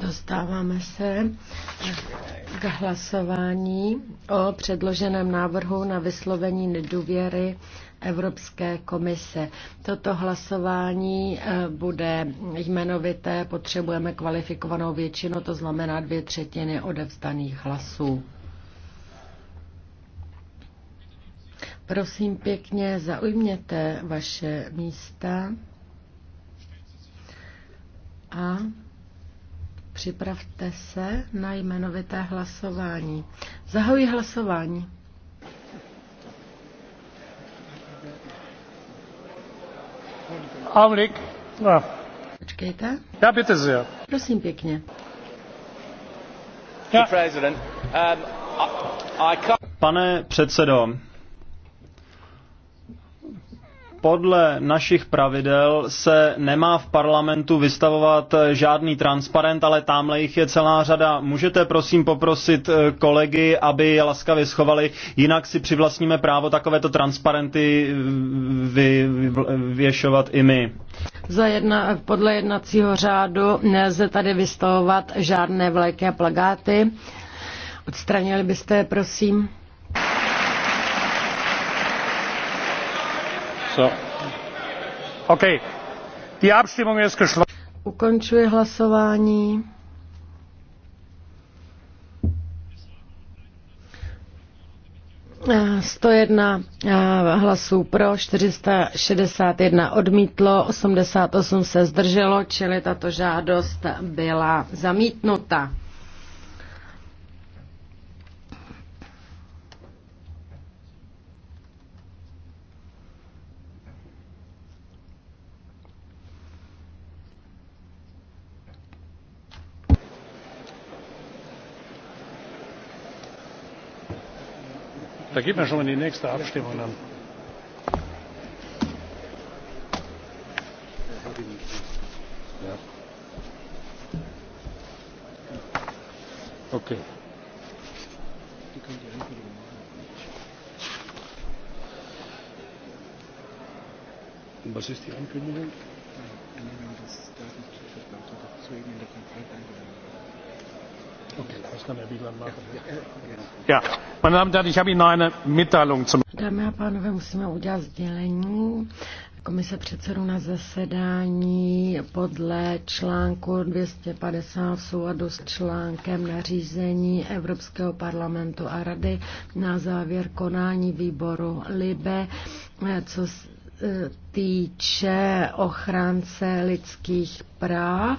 Dostáváme se k hlasování o předloženém návrhu na vyslovení nedůvěry Evropské komise. Toto hlasování eh, bude jmenovité, potřebujeme kvalifikovanou většinu, to znamená dvě třetiny odevzdaných hlasů. Prosím pěkně, zaujměte vaše místa a připravte se na jmenovité hlasování. Zahojí hlasování. Augenblick. No. Počkejte. Já byte sehr. Prosím pěkně. Já. Um, Pane předsedo, podle našich pravidel se nemá v parlamentu vystavovat žádný transparent, ale tamhle jich je celá řada. Můžete prosím poprosit eh, kolegy, aby je laskavě schovali, jinak si přivlastníme právo takovéto transparenty eh, vy, vy, věšovat i my. Za jedna, podle jednacího řádu nelze tady vystavovat žádné vleky a plagáty. Odstranili byste je, prosím. Ukončuji hlasování. Sto jedna hlasů pro, 461 odmítlo, 88 se zdrželo, čili tato žádost byla zamítnuta. da geht man schon in die nächste abstimmung dann. Okay. was ist die Ankündigung? Anhänger des Datenschutzvertrags zu eben in der Konferenz eingeladen. Dámy a pánové, musíme udělat sdělení. Komise předsedů na zasedání podle článku 250 v souladu s článkem nařízení Evropského parlamentu a rady na závěr konání výboru LIBE, co e, týče ochránce lidských práv.